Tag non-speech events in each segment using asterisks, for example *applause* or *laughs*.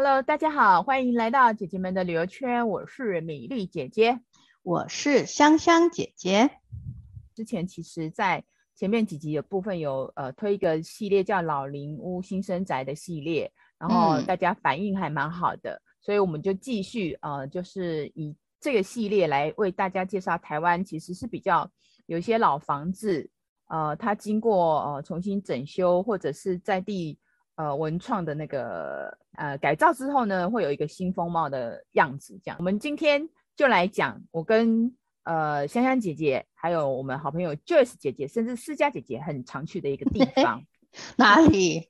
Hello，大家好，歡迎來到姐姐們的旅遊圈。我是米粒姐姐，我是香香姐姐。之前其實，在前面幾集有部分有呃推一個系列叫老林屋新生宅的系列，然後大家反應還蠻好的，嗯、所以我們就繼續呃，就是以這個系列來為大家介紹台灣其實是比較有一些老房子，呃，它經過呃重新整修或者是在地。呃，文創的那個呃改造之後呢，會有一個新風貌的樣子。這樣，我們今天就來講我跟呃香香姐姐，還有我們好朋友 Joyce 姐姐，甚至思佳姐姐很常去的一個地方， *laughs* 哪裡、就是？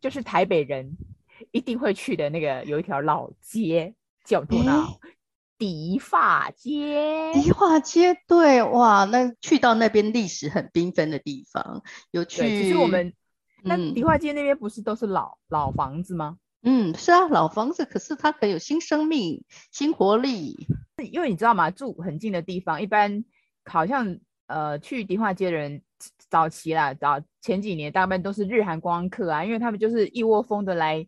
就是台北人一定會去的那個有一條老街叫做哪、欸？迪化街。迪化街，對，哇，那去到那邊歷史很繽紛的地方，有趣。其實我們。那迪化街那邊不是都是老、嗯、老房子嗎？嗯，是啊，老房子，可是它可以有新生命、新活力。因為你知道嗎？住很近的地方，一般好像呃，去迪化街的人早期啦，早前幾年，大部分都是日韓光客啊，因為他們就是一窩蜂的來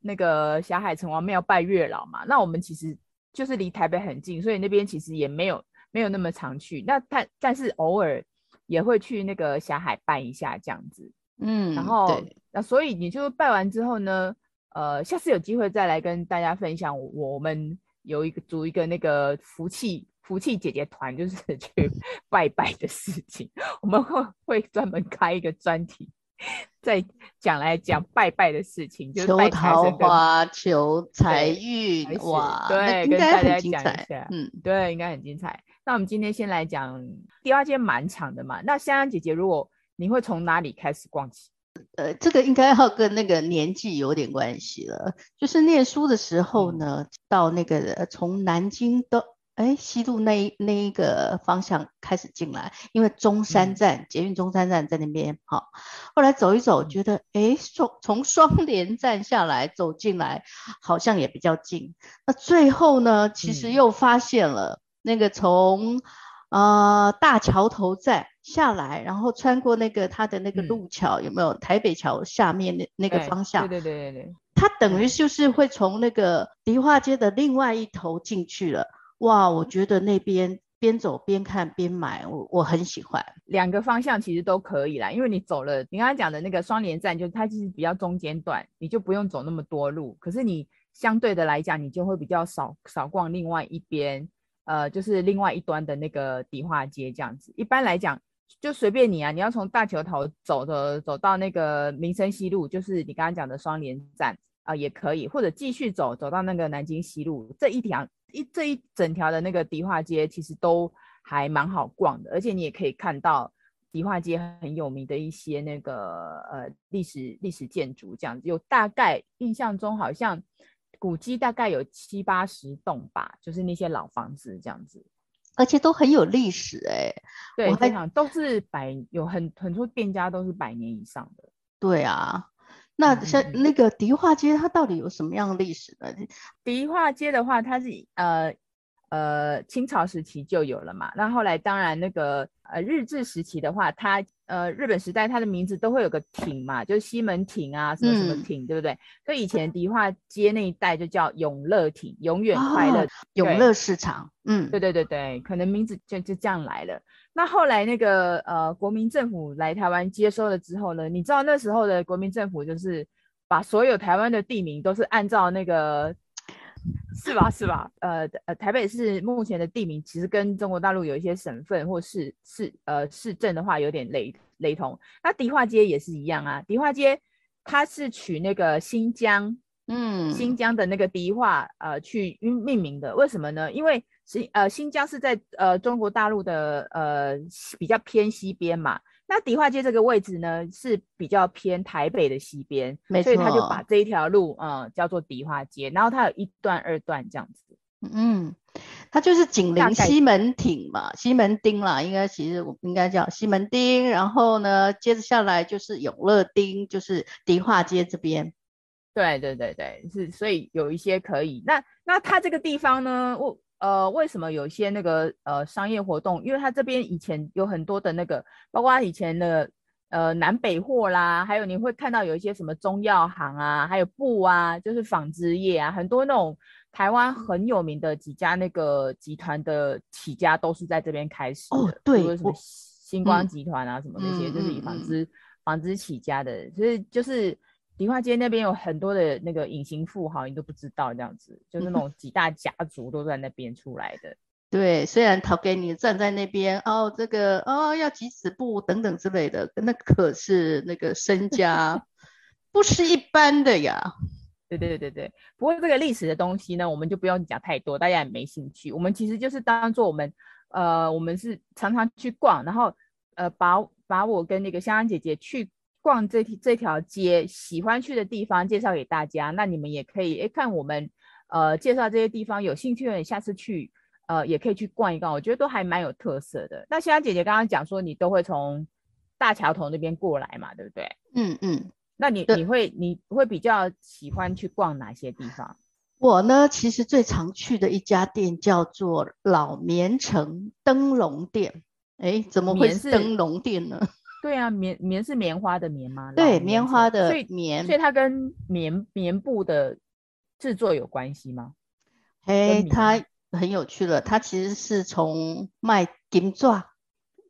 那個霞海城隍廟拜月老嘛。那我們其實就是離台北很近，所以那邊其實也沒有沒有那麼常去。那但但是偶爾也會去那個霞海拜一下這樣子。嗯，然後那、啊、所以你就拜完之後呢？呃，下次有機會再來跟大家分享，我們有一個組一個那個福氣福氣姐姐團，就是去拜拜的事情， *laughs* *laughs* *laughs* 我們會會專門開一個專題 *laughs* 再講來講拜拜的事情，嗯，就是、拜，求桃花、求財運哇。對，跟大家講一下。嗯，對，應該很精彩。那我們今天先來講第二件蠻長的嘛，那湘湘姐姐如果你會從哪裡開始逛起？呃，這個應該要跟那個年紀有點關係了。就是念書的時候呢，嗯、到那個從南京的哎、欸、西路那一那一個方向開始進來，因為中山站、嗯、捷運中山站在那邊哈。後來走一走，嗯、覺得哎從從雙連站下來走進來好像也比較近。那最後呢，其實又發現了、嗯、那個從呃大橋頭站。下來，然後穿過那個它的那個路橋，嗯、有沒有台北橋下面那那個方向？對對對對對，它等於就是會從那個迪化街的另外一頭進去了。哇，我覺得那邊邊走邊看邊買，我我很喜歡。兩個方向其實都可以啦，因為你走了你剛剛講的那個雙連站就，就它其實比較中間段，你就不用走那麼多路。可是你相對的來講，你就會比較少少逛另外一邊，呃，就是另外一端的那個迪化街這樣子。一般來講。就隨便你啊，你要從大橋頭走的，走到那個民生西路，就是你剛剛講的雙聯站啊、呃，也可以，或者繼續走走到那個南京西路這一條一這一整條的那個迪化街，其實都還蠻好逛的，而且你也可以看到迪化街很有名的一些那個呃歷史歷史建築，這樣子有大概印象中好像古蹟大概有七八十棟吧，就是那些老房子這樣子。而且都很有歷史、欸，、對，我在想都是百有很很多店家都是百年以上的。對啊，那、嗯、那像那個迪化街它到底有什麼樣的歷史呢？迪化街的話，它是呃呃清朝時期就有了嘛，那後來當然那個呃日治時期的話，它。呃，日本時代他的名字都會有個町嘛，就是西門町啊，什麼什麼町、嗯、對不對？所以以前迪化街那一帶就叫永樂町，永遠快樂、哦，永樂市場，嗯，對對對對，可能名字就就這樣來了。那後來那個呃國民政府來台灣接收了之後呢，你知道那時候的國民政府就是把所有台灣的地名都是按照那個。 *laughs* 是吧，是吧？呃呃，台北市目前的地名其實跟中國大陸有一些省份或是市、呃、市鎮的話有點雷雷同。那迪化街也是一樣啊，迪化街它是取那個新疆，嗯，新疆的那個迪化，呃，去命名的。為什麼呢？因為新呃新疆是在呃中國大陸的呃比較偏西邊嘛。那迪化街這個位置呢，是比較偏台北的西邊，沒錯，所以他就把這一條路，嗯，叫做迪化街。然後它有一段、二段這樣子。嗯，它就是緊鄰西門町嘛，西門町啦，應該其實我應該叫西門町。然後呢，接着下來就是永樂町，就是迪化街這邊。對對對對，是，所以有一些可以。那那它這個地方呢，我。呃，為什麼有些那個呃商業活動，因為他這邊以前有很多的那個，包括以前的呃南北貨啦，還有你會看到有一些什麼中藥行啊，還有布啊，就是紡織業啊，很多那種台灣很有名的幾家那個集團的起家都是在這邊開始的，哦、對，什麼新光集團啊，什麼那些就是以紡織紡、嗯嗯嗯、織起家的，所以就是。就是迪化街那邊有很多的那個隱形富豪，你都不知道，這樣子就是、那種幾大家族都在那邊出來的。嗯、對，雖然他給你站在那邊哦，這個哦要幾尺布等等之類的，那可是那個身家 *laughs* 不是一般的呀。對對對對對。不過這個歷史的東西呢，我們就不用講太多，大家也沒興趣。我們其實就是當做我們呃，我們是常常去逛，然後呃把把我跟那個湘湘姐姐去，逛這這條街，喜歡去的地方介紹給大家，那你們也可以、欸、看我們呃介紹這些地方，有興趣的下次去呃也可以去逛一逛，我覺得都還蠻有特色的。那湘湘姐姐剛剛講說你都會從大橋頭那邊過來嘛，對不對？嗯嗯，那你你會你會比較喜歡去逛哪些地方？我呢，其實最常去的一家店叫做老綿成燈籠店。哎、欸，怎麼回事？燈籠店呢？對啊，棉棉是棉花的棉嗎？對，棉，棉花的棉，棉，所以它跟棉棉布的製作有關係嗎？哎、欸，它很有趣了，它其實是從賣金抓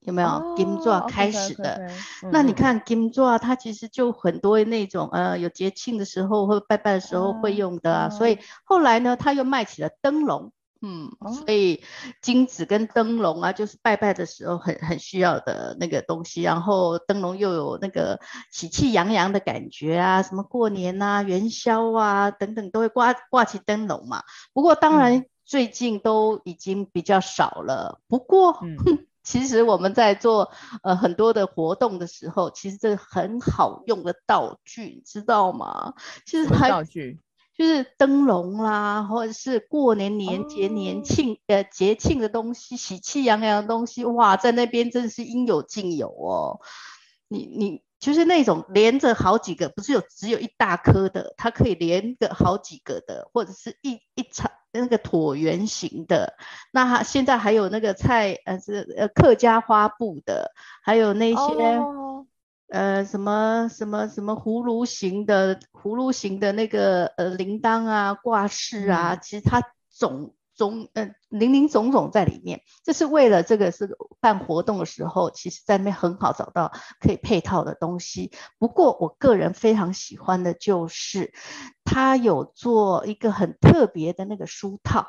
有沒有，哦，金抓開始的。哦哦、okay, okay, 那你看，嗯、金抓，它其實就很多那種，嗯、呃，有節慶的時候或者拜拜的時候會用的啊、嗯。所以後來呢，它又賣起了燈籠。嗯，所以金紙跟燈籠啊，就是拜拜的時候很很需要的那個東西。然後燈籠又有那個喜氣洋洋的感覺啊，什麼過年吶、啊、元宵啊等等，都會掛掛起燈籠嘛。不過當然最近都已經比較少了。不過、嗯、其實我們在做呃很多的活動的時候，其實這個很好用的道具，你知道嗎？其實還道具。就是燈籠啦，或者是過年年節年慶、哦、呃節慶的東西，喜氣洋洋的東西，哇，在那邊真的是應有盡有哦。你你就是那種連着好幾個，不是有只有一大顆的，它可以連着好幾個的，或者是一一長那個橢圓形的。那現在還有那個菜呃是呃客家花布的，還有那些。哦呃，什麼什麼什麼葫蘆形的葫蘆形的那個呃鈴鐺啊，掛飾啊，其實它總總呃零零總總在裡面。這是為了這個是、這個、辦活動的時候，其實在那邊很好找到可以配套的東西。不過我個人非常喜歡的就是，他有做一個很特別的那個書套。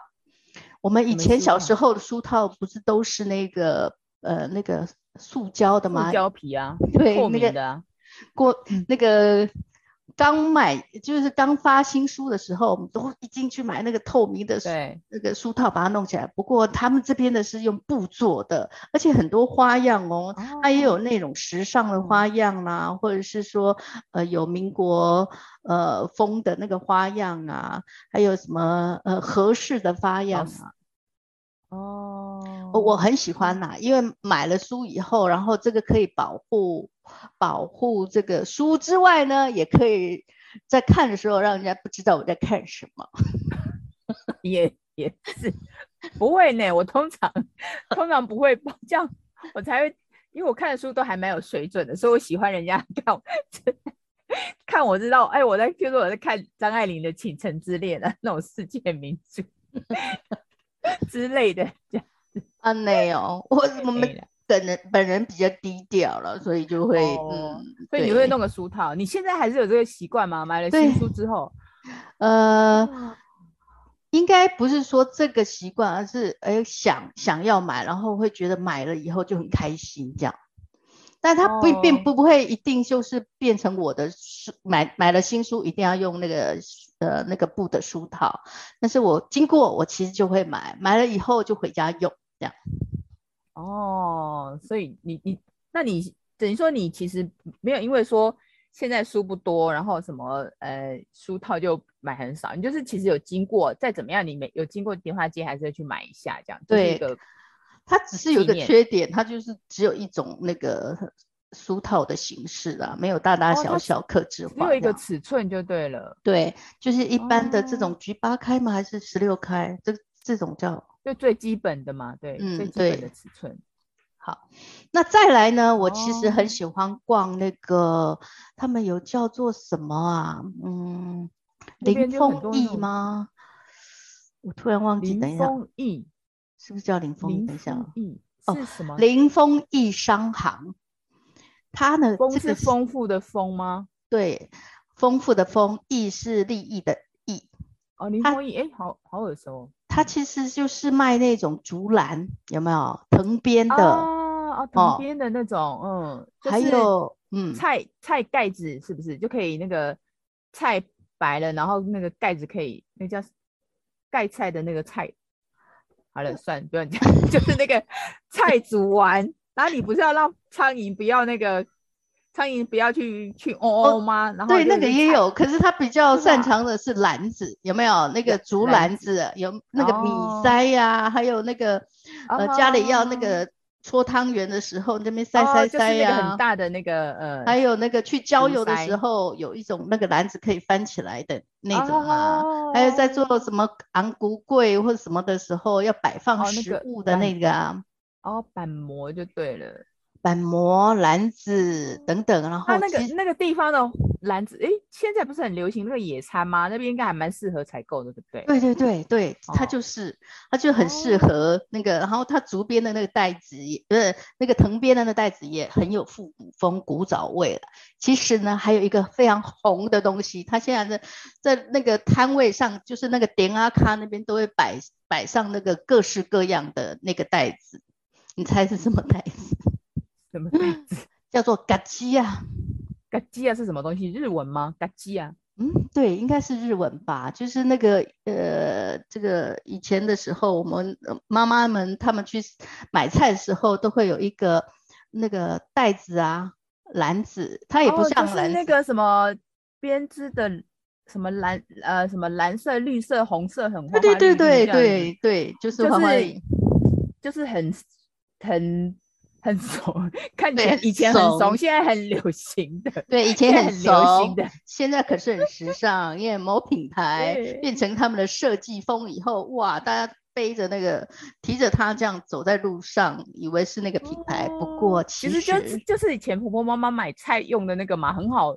我們以前小時候的書套不是都是那個呃那個。塑膠的嗎？膠皮啊，對，透明的。那個、過那個剛買，就是剛發新書的時候，我們都一進去買那個透明的書對，那個書套把它弄起來。不過他們這邊的是用布做的，而且很多花樣哦。它也有那種時尚的花樣啦、啊，Oh. 或者是說呃有民國呃風的那個花樣啊，還有什麼呃合適的花樣哦、啊。Oh. Oh. Oh. 我，我很喜歡吶、啊，因為買了書以後，然後這個可以保護保護這個書之外呢，也可以在看的時候讓人家不知道我在看什麼，也 *laughs* 也 Yeah, yeah. *laughs* 是不會呢。我通常通常不會 *laughs* 這樣，我才會因為我看的書都還蠻有水準的，所以我喜歡人家看我 *laughs* 看我知道哎，我在就是我在看張愛玲的《傾城之戀》啊，那種世界名著 *laughs* 之類的這樣。 *laughs* 啊，沒有，我我們本人 *laughs* 本人比較低調了，所以就會、oh, 嗯，所以你會弄個書套。你現在還是有這個習慣嗎？買了新書之後，呃，oh. 應該不是說這個習慣，而是哎、欸、想想要買，然後會覺得買了以後就很開心這樣。Oh. 但他不並不不會一定就是變成我的書，買買了新書一定要用那個呃那個布的書套。但是我經過我其實就會買，買了以後就回家用。這樣，哦、oh,，所以你你那你等於說你其實沒有因為說現在書不多，然後什麼呃書套就買很少，你就是其實有經過再怎麼樣，你沒有經過電話機還是要去買一下這樣。就是、對，一個它只是有一個缺點，它就是只有一種那個書套的形式啦、啊，沒有大大小小客製化、oh, 只，只有一個尺寸就對了。對，就是一般的這種菊八開嗎？Oh. 還是十六開？這這種叫。就最基本的嘛，對，嗯、最基本的尺寸。好，那再來呢？我其實很喜歡逛那個，哦、他們有叫做什麼啊？嗯，林豐益嗎？我突然忘記等是是，等一下。林豐益是不是叫林豐益？等一下，嗯，哦，什麼？林豐益商行，它呢？豐是豐富的豐嗎？對，豐富的豐，益是利益的益。哦，林豐益，哎、這個哦欸，好好耳熟、哦。它其實就是賣那種竹籃，有沒有藤編的？啊，啊藤編的那種，哦、嗯、就是，還有，嗯，菜菜蓋子是不是就可以那個菜白了，然後那個蓋子可以，那叫蓋菜的那個菜，好了，算了，不用講， *laughs* 就是那個菜煮完，然後你不是要讓蒼蠅不要那個？蒼蠅不要去去嗡嗡哦哦，嗎？然後那對那個也有，可是他比較擅長的是籃子，有沒有那個竹籃子、嗯、籃子？有那個米篩呀、啊哦，還有那個、哦、呃家裡要那個搓湯圓的時候，那邊篩篩篩呀。哦就是、很大的那個呃。還有那個去郊遊的時候，有一種那個籃子可以翻起來的那種啊。哦、還有在做什麼昂古櫃或者什麼的時候，要擺放食物的那個啊。啊、哦那個。哦，板模就對了。板模籃子等等，然後那個那個地方的籃子，誒，現在不是很流行那個野餐嗎？那邊應該還蠻適合採購的，對不對？對對對對，哦，它就是它就很適合那個，哦、然後它竹編的那個袋子，是、嗯嗯、那個藤編的那袋子也很有復古風、古早味了。其實呢，還有一個非常紅的東西，它現在在在那個攤位上，就是那個點啊咖那邊都會擺擺上那個各式各樣的那個袋子，你猜是什麼袋子？嗯什麼袋子？嗯？叫做、Gashia “嘎機啊”？“嘎機啊”是什麼東西？日文嗎？“嘎機啊”？嗯，對，應該是日文吧。就是那個呃，這個以前的時候，我們媽媽、呃、們他們去買菜的時候，都會有一個那個袋子啊，籃子。它也不像籃子，哦就是那個什麼編織的，什麼藍呃，什麼藍色、綠色、紅色，很花，花。對對對，對對對，就是很、就是就是很很。很俗，對，以前很俗，現在很流行的。對，以前很,很流行的，現在可是很時尚。 *laughs* 因為某品牌變成他們的設計風以後，哇，大家背着那個，提着它這樣走在路上，以為是那個品牌。嗯、不過其實就是、就,就是以前婆婆媽媽買菜用的那個嘛，很好，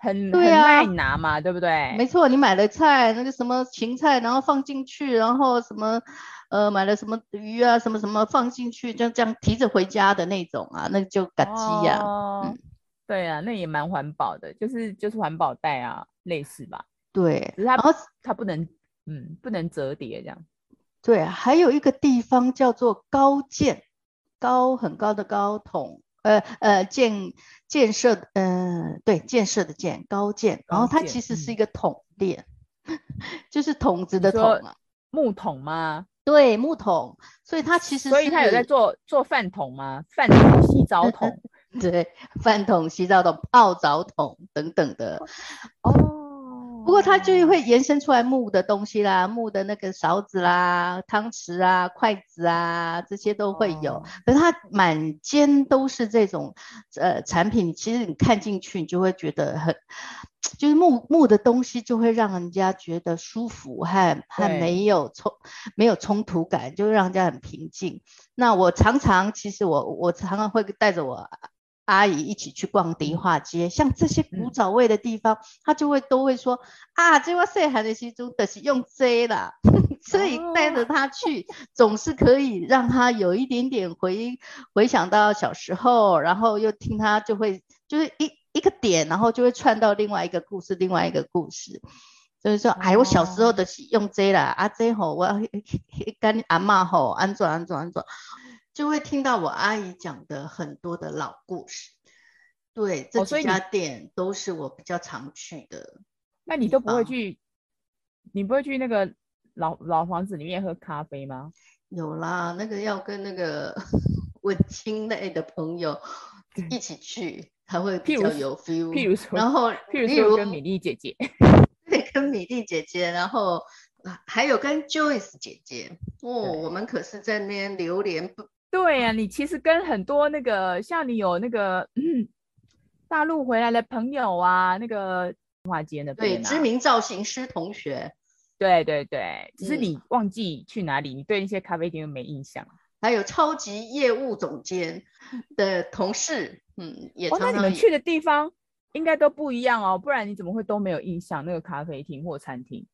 很很,對、啊、很耐拿嘛，對不對？沒錯，你買了菜，那個什麼芹菜，然後放進去，然後什麼。呃，買了什麼魚啊，什麼什麼放進去，就這樣提着回家的那種啊，那就茄芷呀。對啊，那也蠻環保的，就是就是環保袋啊，類似吧。對，它然後它不能，嗯，不能折疊這樣。對，還有一個地方叫做高建，高很高的高筒，呃呃建建設，嗯、呃，對建設的建高建，高建，然後它其實是一個桶店，嗯、 *laughs* 就是桶子的桶、啊，木桶嗎？對木桶，所以他其實是，所以他有在做做飯桶嗎？飯桶、洗澡桶， *laughs* 對，飯桶、洗澡桶、泡澡桶等等的哦。Oh. 不過它就會延伸出來木的東西啦，Oh. 木的那個勺子啦、湯匙啊、筷子啊，這些都會有。Oh. 可是它滿間都是這種呃產品，其實你看進去，你就會覺得很，就是木木的東西就會讓人家覺得舒服和還沒有衝，沒有衝突感，就會讓人家很平靜。那我常常，其實我我常常會帶着我。阿姨一起去逛迪化街，像這些古早味的地方，嗯、他就會都會說，啊，這塊小孩的時代的是用 J 啦， *laughs* 所以帶着他去，哦，總是可以讓他有一點點回 *laughs* 回想到小時候，然後又聽他就會就是一一個點，然後就會串到另外一個故事，另外一個故事。嗯、就是說，哎，我小時候的是用 J 啦，啊，這吼，我跟阿嬤吼，安怎安怎安怎。就會聽到我阿姨講的很多的老故事。對，這幾家店，哦，都是我比較常去的。那你都不會去，你不會去那個老老房子裡面喝咖啡嗎？有啦，那個要跟那個我親類的朋友一起去，才會比較有 feel。然後譬如說，如如如跟米粒姐姐，對， *laughs* 跟米粒姐姐，然後還有跟 Joyce 姐姐。哦，我們可是在那邊流連不。對呀、啊，你其實跟很多那個像你有那個、嗯、大陸回來的朋友啊，那個花間的朋友，對知名造型師同學，對對對，只是你忘記去哪裡，嗯、你對那些咖啡廳又沒印象。還有超級業務總監的同事，嗯，也，常常也。哇、哦，那你們去的地方應該都不一樣哦，不然你怎麼會都沒有印象那個咖啡廳或餐廳？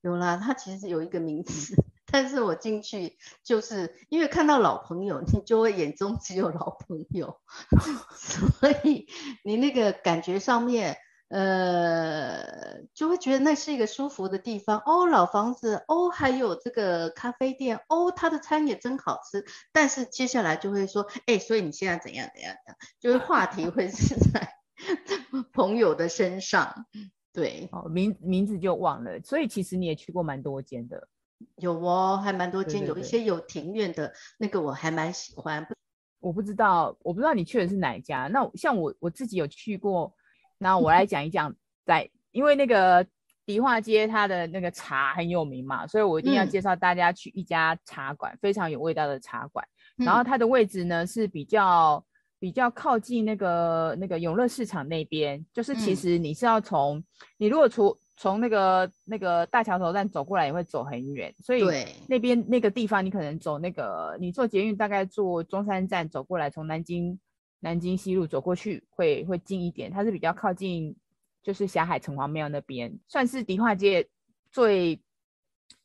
有啦，它其實有一個名字。但是我進去就是因為看到老朋友，你就會眼中只有老朋友， *laughs* *laughs* 所以你那個感覺上面，呃，就會覺得那是一個舒服的地方哦，老房子哦，還有這個咖啡店哦，它的餐也真好吃。但是接下來就會說，哎、欸，所以你現在怎樣怎樣怎樣，就是話題會是在朋友的身上。對，哦，名名字就忘了，所以其實你也去過蠻多間的。有哦，還蠻多間，有一些有庭院的那個我還蠻喜歡。我不知道，我不知道你去的是哪一家。那像我我自己有去過，那我來講一講，在、嗯、因為那個迪化街它的那個茶很有名嘛，所以我一定要介紹大家去一家茶館、嗯，非常有味道的茶館。然後它的位置呢是比較比較靠近那個那個永樂市場那邊，就是其實你是要從、嗯、你如果出。從那個那個大橋頭站走過來也會走很遠，所以對，那邊那個地方你可能走那個，你坐捷運大概坐中山站走過來，從南京南京西路走過去會會近一點。它是比較靠近，就是霞海城隍廟那邊，算是迪化街最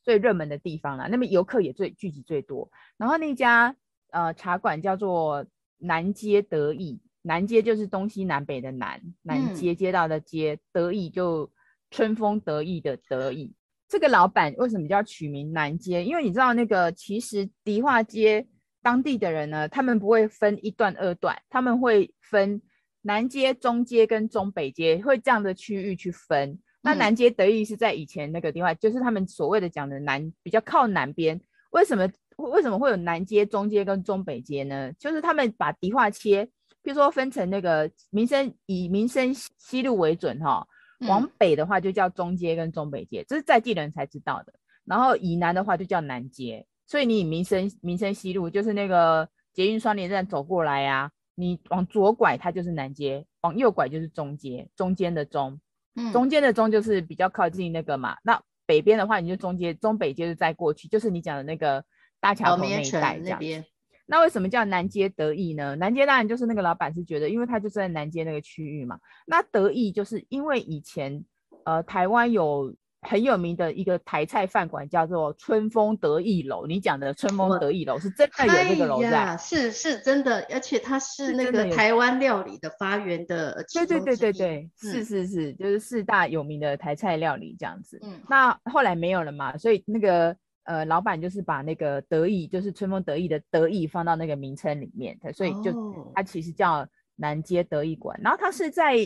最熱門的地方了。那邊遊客也最聚集最多。然後那家呃茶館叫做南街得意，南街就是東西南北的南，南街街道的街，嗯，得意就。春風得意的得意，這個老闆為什麼叫取名南街？因為你知道那個，其實迪化街當地的人呢，他們不會分一段二段，他們會分南街、中街跟中北街，會這樣的區域去分。那南街得意是在以前那個地方，嗯，就是他們所謂的講的南比較靠南邊。為什麼為什麼會有南街、中街跟中北街呢？就是他們把迪化街，比如說分成那個民生以民生西路為準，哈。往北的話就叫中街跟中北街，嗯，這是在地人才知道的。然後以南的話就叫南街，所以你民生民生西路就是那個捷運雙連站走過來啊，你往左拐它就是南街，往右拐就是中街，中間的中，嗯、中間的中就是比較靠近那個嘛。那北邊的話你就中街，嗯、中北街就再過去，就是你講的那個大橋頭那一帶，哦，那這樣。那為什麼叫南街得意呢？南街當然就是那個老闆是覺得，因為他就在南街那個區域嘛。那得意就是因為以前，呃，台灣有很有名的一個台菜飯館叫做春風得意樓。你講的春風得意樓是真的有這個樓在、哎，是、啊、是，是真的，而且它是那個台灣料理的發源的，的。對對對對對、嗯，是是是，就是四大有名的台菜料理這樣子。嗯、那後來沒有了嘛，所以那個。呃，老闆就是把那個得意，就是春風得意的得意，放到那個名稱裡面的，所以就、哦、他其實叫南街得意館。然後它是在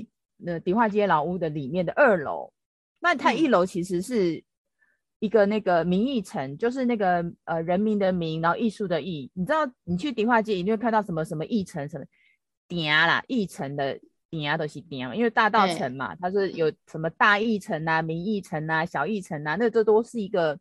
呃迪化街老屋的裡面的二樓，那它一樓其實是一個那個民藝埕，嗯，就是那個呃人民的民，然後藝術的藝。你知道你去迪化街一定會看到什麼什麼藝埕什麼店啦，藝埕的店都是店嘛，因為大稻埕嘛，嗯，它是有什麼大藝埕啊、民藝埕啊、小藝埕啊，那這都是一個。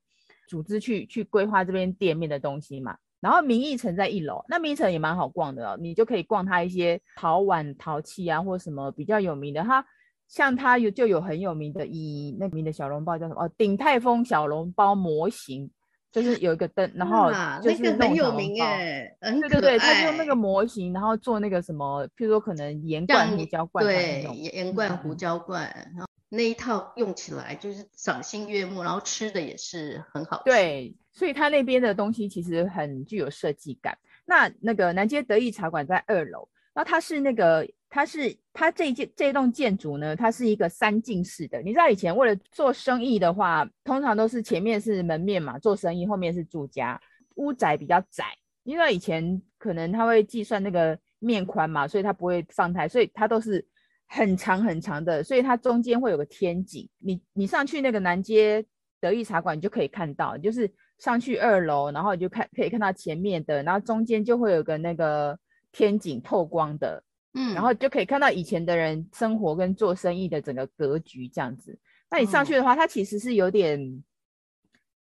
組織去去規劃這邊店面的東西嘛，然後民藝埕在一樓，那民藝埕也蠻好逛的哦，你就可以逛它一些陶碗、陶器啊，或什麼比較有名的哈，像它有就有很有名的以那名的小籠包叫什麼鼎、啊、鼎泰豐小籠包模型，就是有一個燈，嗯啊、然後就是、那個、很有名哎、欸，對對對對，他就用那個模型，然後做那個什麼，譬如說可能鹽罐胡椒罐，對，鹽罐胡椒罐。嗯嗯那一套用起來就是賞心悅目，然後吃的也是很好。對，所以他那邊的東西其實很具有設計感。那那個南街得意茶館在二樓，那它是那個它是它這一間這一棟建築呢，它是一個三進式的。你知道以前為了做生意的話，通常都是前面是門面嘛，做生意，後面是住家，屋窄比較窄。因為以前可能他會計算那個面寬嘛，所以他不會放太，所以他都是。很長很長的，所以它中間會有個天井。你你上去那個南街得意茶館，你就可以看到，就是上去二樓，然後你就看可以看到前面的，然後中間就會有個那個天井透光的，嗯，然後就可以看到以前的人生活跟做生意的整個格局這樣子。那你上去的話，嗯、它其實是有點，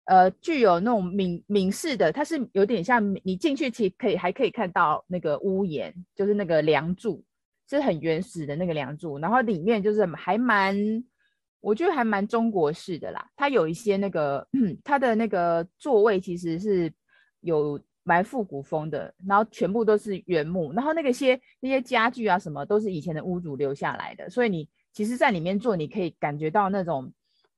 呃，具有那種閩閩式的，它是有點像你進去其實可以還可以看到那個屋檐，就是那個樑柱。是很原始的那個梁柱，然後裡面就是還蠻，我覺得還蠻中國式的啦。它有一些那個，它的那個座位其實是有蠻復古風的，然後全部都是原木，然後那個些那些家具啊什麼都是以前的屋主留下來的，所以你其實在裡面坐，你可以感覺到那種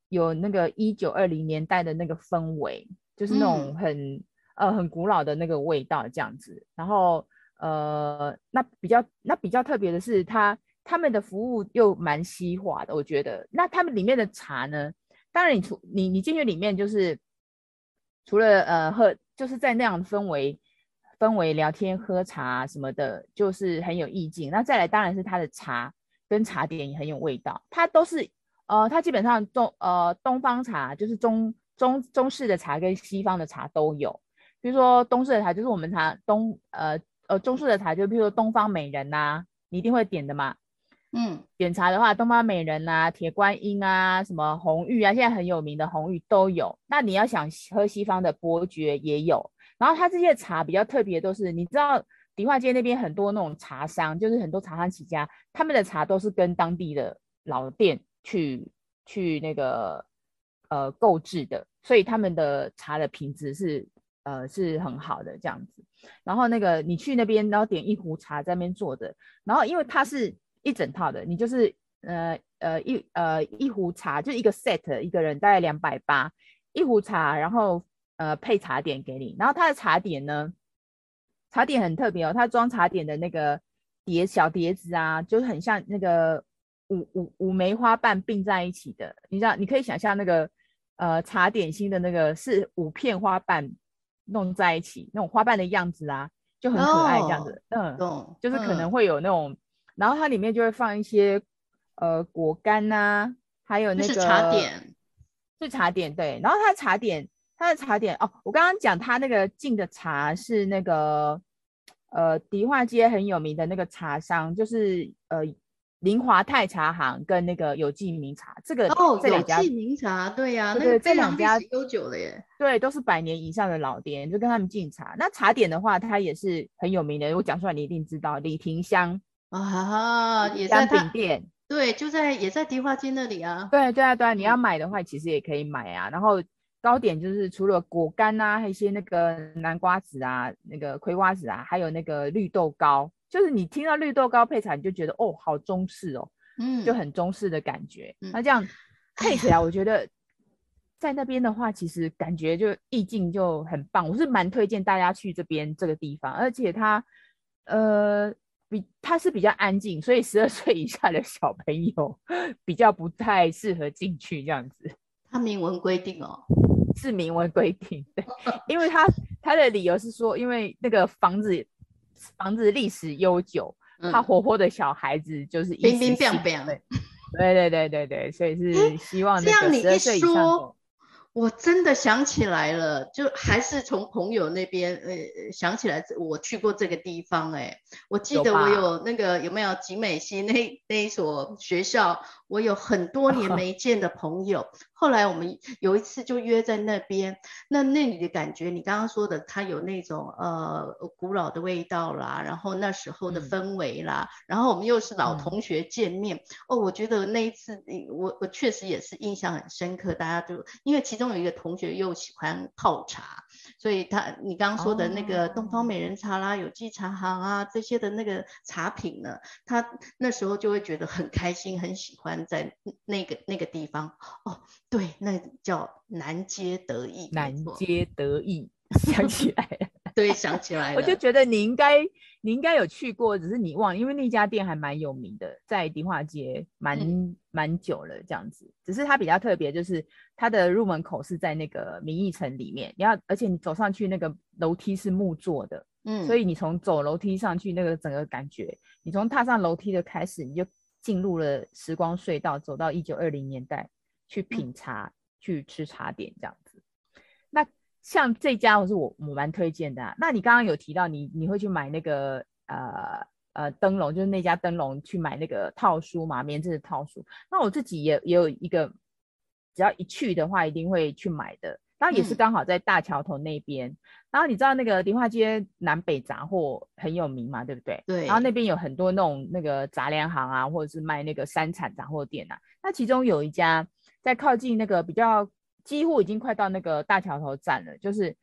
有那個一九二零年代的那個氛圍，就是那種很、嗯、呃很古老的那個味道這樣子，然後。呃，那比較那比較特別的是他，它他們的服務又蠻西化的，我覺得。那他們裡面的茶呢，當然你除，除你你進去裡面就是除了呃喝，就是在那樣的氛圍氛圍聊天喝茶什麼的，就是很有意境。那再來，當然是它的茶跟茶點也很有味道。它都是呃，它基本上中呃東方茶，就是中中中式的茶跟西方的茶都有。比如說，東式的茶就是我們茶東呃。呃，中式的茶就譬如說東方美人吶、啊，你一定會點的嘛。嗯，點茶的話，東方美人吶、啊、鐵觀音啊、什麼紅玉啊，現在很有名的紅玉都有。那你要想喝西方的伯爵也有。然後他這些茶比較特別，都是你知道，迪化街那邊很多那種茶商，就是很多茶商起家，他們的茶都是跟當地的老店去去那個呃購置的，所以他們的茶的品質是。呃，是很好的這樣子。然後那個你去那邊，然後點一壺茶在那邊坐着。然後因為它是一整套的，你就是呃呃一呃一壺茶就一個 set，一個人大概兩百八一壺茶，然後呃配茶點給你。然後它的茶點呢，茶點很特別哦，它裝茶點的那個碟小碟子啊，就是很像那個五五五枚花瓣併在一起的。你知道，你可以想象那個呃茶點心的那個是五片花瓣。弄在一起那種花瓣的樣子啊，就很可愛這樣子，oh, 嗯嗯。嗯，就是可能會有那種，然後它裡面就會放一些呃果乾吶、啊，還有那個、就是、茶點，是茶點對。然後它的茶點，它的茶點哦，我剛剛講它那個進的茶是那個呃迪化街很有名的那個茶商，就是呃。林華泰茶行跟那個有記名茶，這個哦這家，有記名茶，對呀、啊，那這兩家都久了耶，對，都是百年以上的老店，就跟他們進茶。那茶點的話，它也是很有名的，我講出來你一定知道，李亭香啊，哈，也在餅店，對，就在也在迪化街那裡啊，對對啊對啊，你要買的話、嗯、其實也可以買啊。然後糕點就是除了果乾啊，還有一些那個南瓜子啊，那個葵花籽啊，還有那個綠豆糕。就是你聽到綠豆糕配茶，你就覺得哦，好中式哦，嗯，就很中式的感覺。那、嗯啊、這樣配起來，我覺得在那邊的話，其實感覺就意境就很棒。我是蠻推薦大家去這邊這個地方，而且它，呃，比它是比較安靜，所以十二歲以下的小朋友 *laughs* 比較不太適合進去這樣子。它明文規定哦，是明文規定，對，因為它它 *laughs* 的理由是說，因為那個房子。房子歷史悠久，怕活潑的小孩子就是冰冰變變對對對對對， *laughs* 所以是希望那個十二歲以上。這樣你一說，我真的想起來了，就還是從朋友那邊呃想起來，我去過這個地方、欸、我記得我有那個有,有沒有集美西那那一所學校。我有很多年沒見的朋友， *laughs* 後來我們有一次就約在那邊，那那裡的感覺，你剛剛說的，它有那種呃古老的味道啦，然後那時候的氛圍啦，嗯、然後我們又是老同學見面，嗯、哦，我覺得那一次我我確實也是印象很深刻，大家就因為其中有一個同學又喜歡泡茶，所以他你剛剛說的那個東方美人茶啦、嗯、有機茶行啊這些的那個茶品呢，他那時候就會覺得很開心，很喜歡。在那個那個地方哦，對，那個、叫南街得意，南街得意， *laughs* 想起來， *laughs* 對，想起來， *laughs* 我就覺得你應該你應該有去過，只是你忘了，因為那家店還蠻有名的，在迪化街蠻蠻、嗯、久了這樣子，只是它比較特別，就是它的入門口是在那個民藝埕裡面，你要，而且你走上去那個樓梯是木做的，嗯，所以你從走樓梯上去，那個整個感覺，你從踏上樓梯的開始，你就。進入了時光隧道，走到一九二零年代，去品茶、嗯、去吃茶點這樣子。那像這家我是我我蠻推薦的、啊。那你剛剛有提到你你會去買那個呃呃燈籠，就是那家燈籠去買那個套書嘛，棉質的套書。那我自己也也有一個，只要一去的話一定會去買的。然後也是剛好在大橋頭那邊，嗯、然後你知道那個迪化街，南北雜貨很有名嘛，對不對？對。然後那邊有很多那種那個雜糧行啊，或者是賣那個山產雜貨店吶、啊。那其中有一家在靠近那個比較幾乎已經快到那個大橋頭站了，就是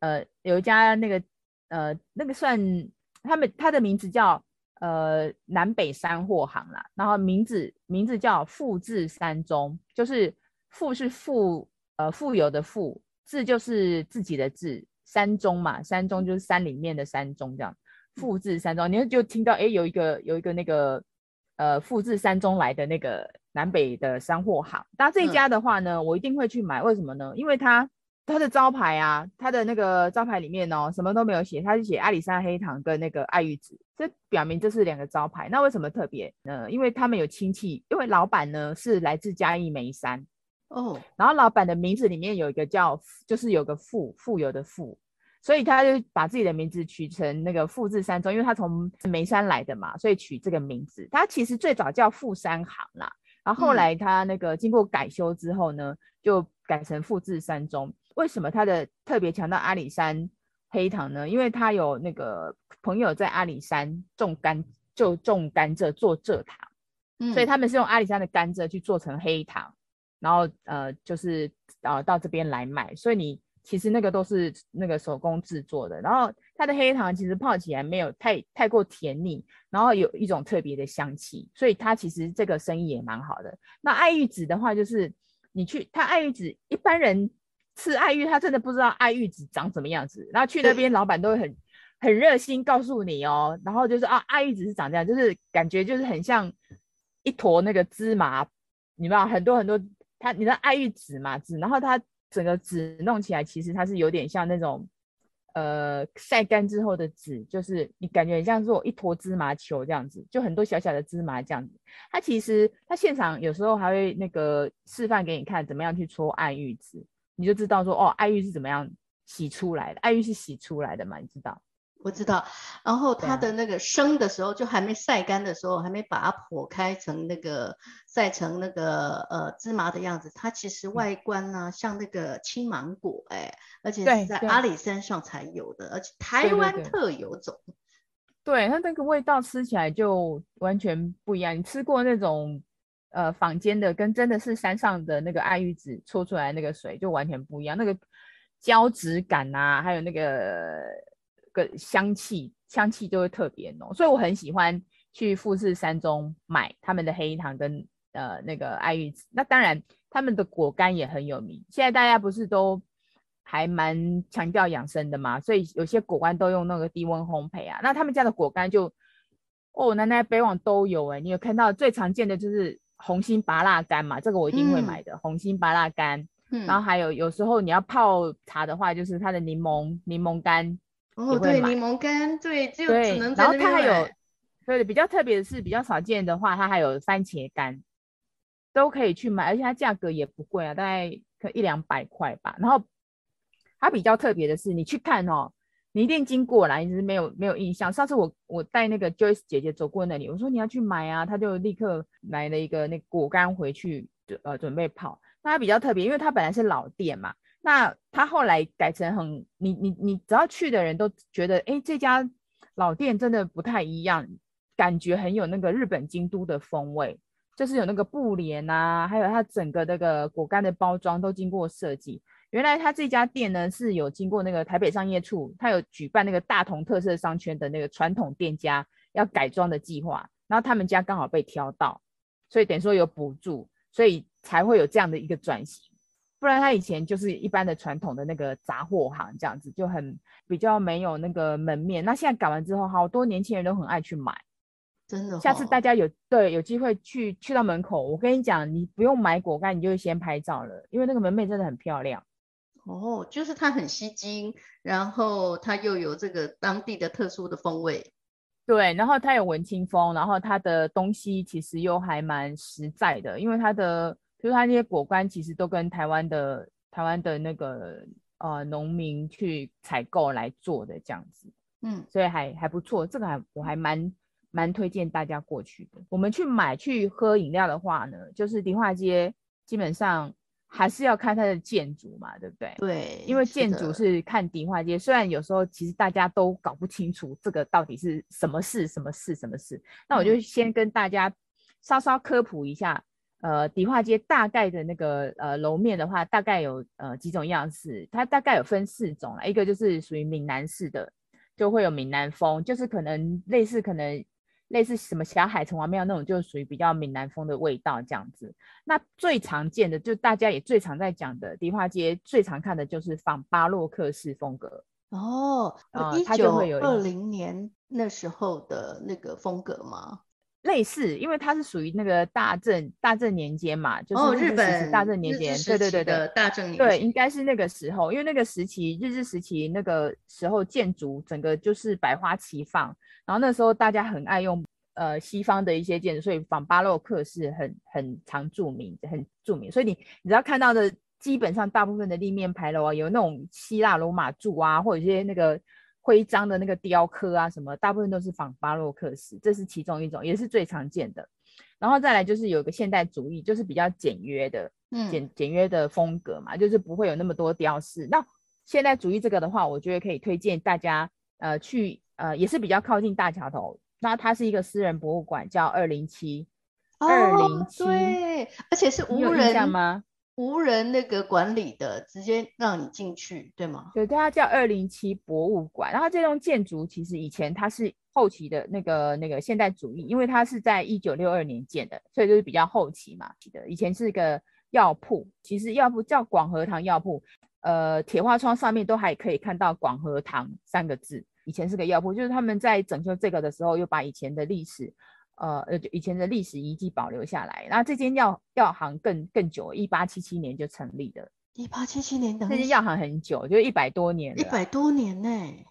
呃有一家那個呃那個算他們他的名字叫呃南北山貨行啦，然後名字名字叫富自山中，就是富是富。呃，富有的富，自就是自己的自，山中嘛，山中就是山裡面的山中這樣。嗯、富自山中，你就聽到哎，有一個有一個那個呃，富自山中來的那個南北的山貨行。那這家的話呢，我一定會去買，為什麼呢？因為他，嗯、他的招牌啊，他的那個招牌裡面哦，什麼都沒有寫，他是寫阿里山黑糖跟那個愛玉子，這表明這是兩個招牌。那為什麼特別呢？呃，因為他們有親戚，因為老板呢是來自嘉義梅山。哦、oh.，然後老闆的名字裡面有一個叫，就是有個富富有的富，所以他就把自己的名字取成那個富自山中，因為他從梅山來的嘛，所以取這個名字。他其實最早叫富山行啦，然後後來他那個經過改修之後呢，嗯、就改成富自山中。為什麼他的特別強調阿里山黑糖呢？因為他有那個朋友在阿里山種甘，就種甘蔗做蔗糖，嗯、所以他們是用阿里山的甘蔗去做成黑糖。然後呃就是，呃到這邊來買，所以你其實那個都是那個手工製作的。然後它的黑糖其實泡起來沒有太太過甜膩，然後有一種特別的香氣，所以它其實這個生意也蠻好的。那愛玉子的話，就是你去它愛玉子，一般人吃愛玉，他真的不知道愛玉子長什麼樣子。然後去那邊，老板都會很很熱心告訴你哦。然後就是啊，愛玉子是長這樣，就是感覺就是很像一坨那個芝麻，你知道很多很多。它你知道愛玉籽嘛籽，然後它整個籽弄起來，其實它是有點像那種，呃，曬乾之後的籽，就是你感覺很像做一坨芝麻球這樣子，就很多小小的芝麻這樣子。它其實它現場有時候還會那個示範給你看，怎麼樣去搓愛玉籽，你就知道說哦，愛玉是怎麼樣洗出來的，愛玉是洗出來的嘛，你知道。我知道，然後它的那個生的時候，就還沒曬乾的時候，還沒把它剖開成那個曬成那個呃芝麻的樣子，它其實外觀呢、啊嗯、像那個青芒果哎、欸，而且是在阿里山上才有的，而且台灣特有種，對對對。對，它那個味道吃起來就完全不一樣。你吃過那種呃坊間的，跟真的是山上的那個愛玉子搓出來那個水就完全不一樣，那個膠質感啊，還有那個。個香氣，香氣就會特別濃，所以我很喜歡去富自山中買他們的黑糖跟呃那個愛玉子。那當然，他們的果乾也很有名。現在大家不是都還蠻強調養生的嘛，所以有些果乾都用那個低溫烘焙啊。那他們家的果乾就哦，南來北往都有哎、欸。你有看到最常見的就是紅心芭樂乾嘛，這個我一定會買的、嗯、紅心芭樂乾、嗯。然後還有有時候你要泡茶的話，就是它的檸檬檸檬乾。哦，oh, 對，檸檬乾，對，就只能在那邊買，然後它還有，對，比較特別的是，比較少見的話，它還有番茄乾，都可以去買，而且它價格也不貴啊，大概可一兩百塊吧。然後它比較特別的是，你去看哦，你一定經過來，你是沒有沒有印象。上次我我帶那個 Joyce 姐姐走過那裡，我說你要去買啊，她就立刻買了一個那果乾回去，呃，準備跑。它比較特別，因為它本來是老店嘛。那他後來改成很，你你你只要去的人都覺得，哎，這家老店真的不太一樣，感覺很有那個日本京都的風味，就是有那個布簾啊，還有它整個那個果乾的包裝都經過設計。原來他這家店呢是有經過那個台北商業處，他有舉辦那個大同特色商圈的那個傳統店家要改裝的計劃，然後他們家剛好被挑到，所以等於說有補助，所以才會有這樣的一個轉型。不然他以前就是一般的傳統的那個雜貨行這樣子，就很比較沒有那個門面。那現在改完之後，好多年輕人都很愛去買。真的哦？下次大家有對有機會去去到門口，我跟你講，你不用買果乾，你就先拍照了，因為那個門面真的很漂亮。哦，Oh，就是它很吸睛，然後它又有這個當地的特殊的風味。對，然後它有文青風，然後它的東西其實又還蠻實在的，因為它的。就是它那些果乾，其實都跟台灣的台灣的那個呃農民去採購來做的這樣子，嗯，所以還還不錯，這個還我還蠻蠻推薦大家過去的。我們去買去喝飲料的話呢，就是迪化街基本上還是要看它的建築嘛，對不對？對，因為建築是看迪化街。雖然有時候其實大家都搞不清楚這個到底是什麼事、什麼事、什麼事，那我就先跟大家稍稍科普一下。呃，迪化街大概的那個呃樓面的話，大概有呃幾種樣式，它大概有分四種啦，一個就是屬於閩南式的，就會有閩南風，就是可能類似可能類似什麼霞海城隍廟那種，就是屬於比較閩南風的味道這樣子。那最常見的，就大家也最常在講的迪化街最常看的就是仿巴洛克式風格哦，啊、呃，它就會有一九二零年那時候的那個風格嗎？類似，因為它是屬於那個大正大正年間嘛，就是日本大正年間，哦，對對對對，對，大正年對，應該是那個時候，因為那個時期日治時期那個時候建築整個就是百花齊放，然後那時候大家很愛用呃西方的一些建築，所以仿巴洛克是很很常著名很著名，所以你你知道看到的基本上大部分的立面牌樓啊，有那種希臘羅馬柱啊，或者一些那個。徽章的那個雕刻啊，什麼，大部分都是仿巴洛克式，這是其中一種，也是最常見的。然後再來就是有一個現代主義，就是比較簡約的，嗯、簡簡約的風格嘛，就是不會有那麼多雕飾。那現代主義這個的話，我覺得可以推薦大家，呃，去，呃，也是比較靠近大橋頭，那它是一個私人博物館，叫二零七，二零七，對，而且是無人嗎？無人那個管理的，直接讓你進去，對嗎？對，它叫二零七博物館。然後這棟建築其實以前它是後期的那個那個現代主義，因為它是在一九六二年建的，所以就是比較後期嘛。以前是個藥鋪，其實藥鋪叫廣和堂藥鋪，呃，鐵花窗上面都還可以看到“廣和堂”三個字。以前是個藥鋪，就是他們在整修這個的時候，又把以前的歷史。呃呃，以前的歷史遺跡保留下來，那這間藥藥行更更久，一八七七年就成立的。一八七七年，這間藥行很久，就一百多年了。一百多年嘞、欸，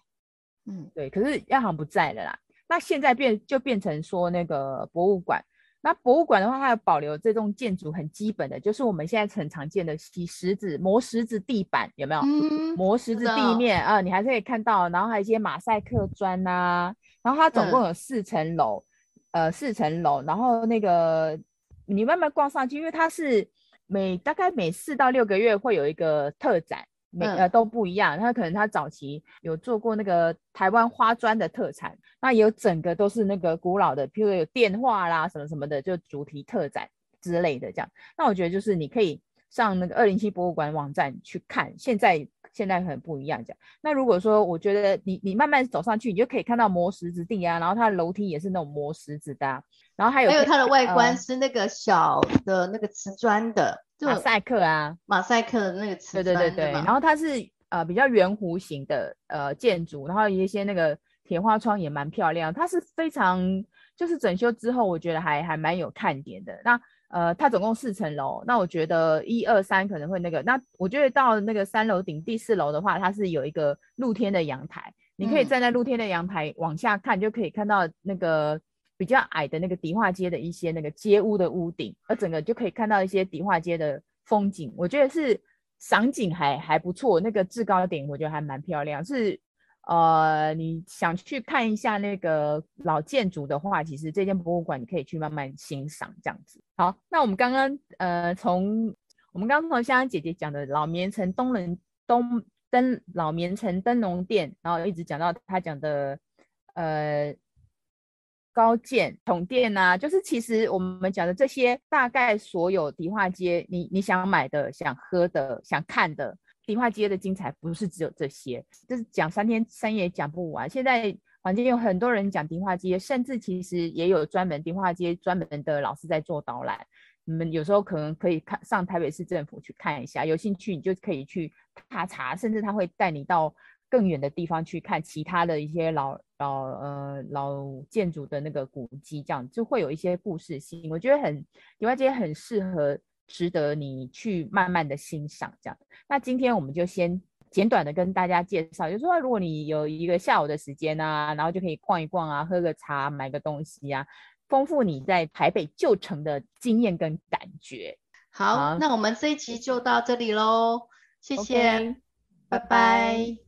嗯，對。可是藥行不在了啦，那現在變就變成說那個博物館。那博物館的話，它有保留這棟建築很基本的，就是我們現在很常見的洗石子、磨石子地板，有沒有？嗯，磨石子地面啊，你還是可以看到。然後還有一些馬賽克磚啊，然後它總共有四層樓。嗯呃，四層樓，然後那個你慢慢逛上去，因為它是每大概每四到六個月會有一個特展，每、嗯、呃都不一樣。它可能它早期有做過那個台灣花磚的特產，那也有整個都是那個古老的，譬如有電話啦什麼什麼的，就主題特展之類的這樣。那我覺得就是你可以。上那個二零七博物館網站去看，現在現在很不一樣。這樣，那如果說我覺得你你慢慢走上去，你就可以看到磨石子地啊，然後它的樓梯也是那種磨石子的啊，然後還有還有它的外觀是那個小的、呃、那個瓷磚的馬賽克啊，馬賽克的那個瓷磚，對對對對。然後它是呃比較圓弧形的呃建築，然後一些那個鐵花窗也蠻漂亮，它是非常就是整修之後，我覺得還還蠻有看點的。那呃，它總共四層樓，那我覺得一二三可能會那個，那我覺得到那個三樓頂、第四樓的話，它是有一個露天的陽台，嗯、你可以站在露天的陽台往下看，就可以看到那個比較矮的那個迪化街的一些那個街屋的屋頂，而整個就可以看到一些迪化街的風景，我覺得是賞景還還不錯，那個制高點我覺得還蠻漂亮，是。呃，你想去看一下那個老建築的話，其實這間博物館你可以去慢慢欣賞，這樣子。好，那我們剛剛呃，從我們剛剛從湘湘姐姐講的老綿成東人東燈東燈老綿成燈籠店，然後一直講到她講的呃高建桶店啊，就是其實我們講的這些大概所有迪化街，你你想買的、想喝的、想看的。迪化街的精彩不是只有這些，就是講三天三夜講不完。現在坊間有很多人講迪化街，甚至其實也有專門迪化街專門的老師在做導覽。你們有時候可能可以看上台北市政府去看一下，有興趣你就可以去探查，甚至他會帶你到更遠的地方去看其他的一些老老呃老建築的那個古蹟，這樣就會有一些故事性。我覺得很迪化街很適合。值得你去慢慢的欣賞，這樣。那今天我們就先簡短的跟大家介紹，就是、說如果你有一個下午的時間啊，然後就可以逛一逛啊，喝個茶，買個東西啊，豐富你在台北舊城的經驗跟感覺。好，啊、那我們這一集就到這裡嘍，謝謝，okay. 拜拜。拜拜。